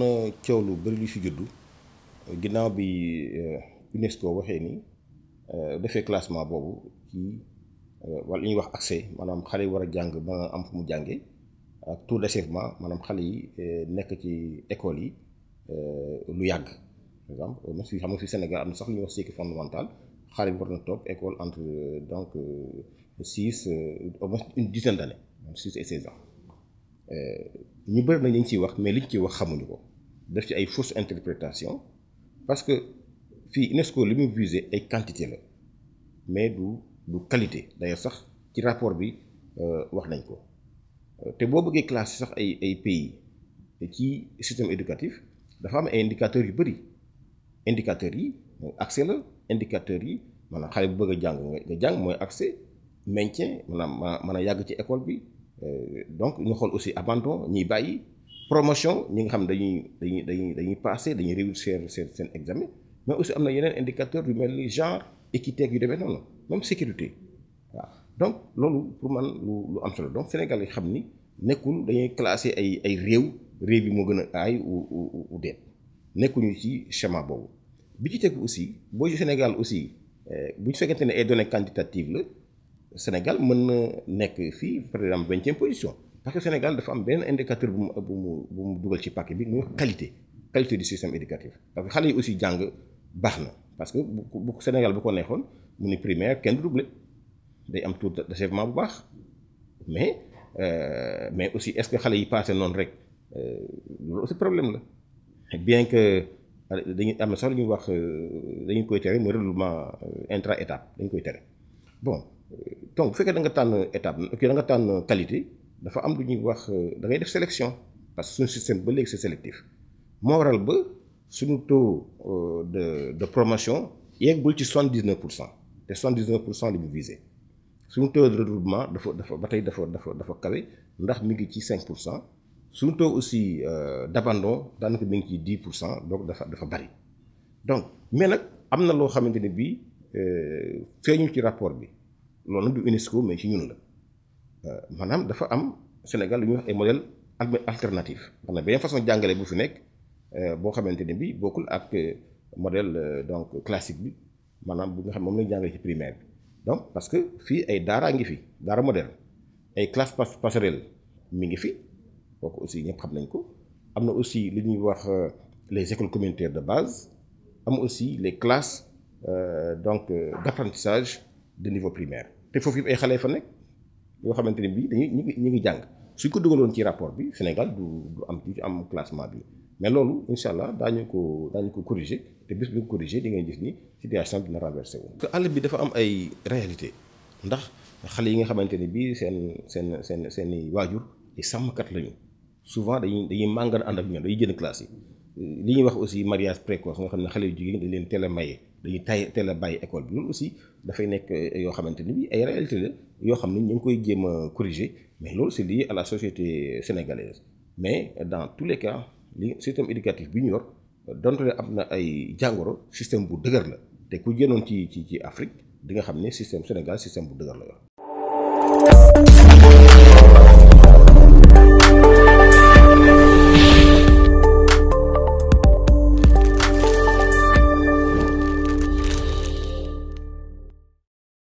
am na bari lu fi juddu ginnaaw bi eh, UNESCO waxé ni eh, defee classement bobu ci eh, wala li wax accès manam xale wara war a jàng mën am fu mu jàngee ak tout d'achèvement manam xale yi nekk ci école yi euh lu yagg par exemple même si xam nga fi Sénégal am sax ñu wax cycle fondamental xale bi war na école entre donc 6 euh, euh, au moins une dizaine d'années 6 et 16 ans ñu bëri na ñu wax mais liñ ciy wax xamuñu ko fausse interprétation parce que fii UNESCO quantité mais du du qualité d'ailleurs sax ci rapport bi euh, wax nañ ko euh, sax ay pays ci système éducatif dafa am ay indicateurs yu bëri indicateurs accès la indicateurs yi bu maintien euh, donc ñu avons aussi abandon ñuy bàyyi promotion ñi avons xam dañuy dañuy dañuy dañuy passé dañuy réussir seen seen examen mais aussi amna yenen indicateur du mel ni genre équité yu non non, même sécurité donc lolu pour man lu lu am solo donc Sénégal yi xam ni dañuy classé ay ay réew réew bi mo gëna ay ou ou ou déet nekkuñu ci schéma bobu bi ci tek aussi ci Sénégal aussi euh, bu ñu fekkente ne ay données quantitatives la. Sénégal mën na nekk fii par exemple vingtième position parce que Sénégal dafa am benn indicateur bu mu bu mu bu mu dugal ci paquet bi muy qualité qualité du système éducatif parce que xale yi aussi jàng baax na parce que bu bu Sénégal bu ko neexoon mu ni primaire kenn du doublé day am tout d'achèvement bu baax mais euh, mais aussi est-ce que xale yi passé noonu rek euh, loolu aussi problème la bien que euh, dañu am na sax lu ñuy wax dañu koy tere mooy redoublement intra étape dañu koy tere bon donc bu fekkee da nga tànn étape ok da nga tànn qualité dafa am lu ñuy wax euh, da ngay def sélection parce que suñu système ba léegi c'est sélectif moo waral ba suñu taux euh, de de promotion yeggul ci 79 dix neuf pour cent te soixante pour cent li mu visé suñu taux de redoublement dafa dafa ba tey dafa dafa dafa kawe ndax mi ngi ci 5 pour cent suñu taux aussi euh, d'abandon daanaka mi ngi ci 10%, pour cent donc dafa dafa bari donc mais nag am na loo xamante ne bii feeñu ci rapport bi loolu nag du UNESCO mais ci ñun la euh, maanaam dafa am Sénégal lu ñuy wax ay modèle alternatif am na beneen façon jàngale bu fi nekk euh, boo xamante ne bi bokkul ak euh, modèle donc classique bi maanaam bu nga xam moom lañu jàngale ci primaire bi donc parce que fii ay daaraa ngi fi daara moderne ay classe passerelle mi ngi fi kooku aussi ñëpp xam nañ ko am na aussi li ñuy wax les écoles communautaires de base am aussi les classes euh, donc d'apprentissage de niveau primaire te foofu yëpp ay xale fa nekk yoo xamante ne bii dañuy ñu ngi ñu ngi jàng suñ ko dugaloon ci rapport bi Sénégal du du am du am classement bi mais loolu incha allah daañu ko daañu ko corriger te bés bu ñu corriger di ngay gis ni situation dina renversé wu. que àll bi dafa am ay réalité ndax xale yi nga xamante ne bii seen seen seen seen i waajur ay sàmmkat lañu souvent dañuy dañuy màngal ànd ak ñoom dañuy jënd classe yi li ñuy wax aussi mariage précoce nga xam ne xale yu jigéen dañ leen teel a maye dañuy tay tel a bàyyi école bi loolu aussi dafay nekk eh, yoo xamante ni bi ay réalité la yoo xam ni ñu ngi koy jéem a corriger mais loolu c'est lié à la société sénégalaise mais dans tous les cas li système éducatif bi ñu yor donte ne am na ay jàngoro système bu dëgër la te ku jënoon ci ci ci Afrique di nga xam ne système Sénégal système bu dëgër la yor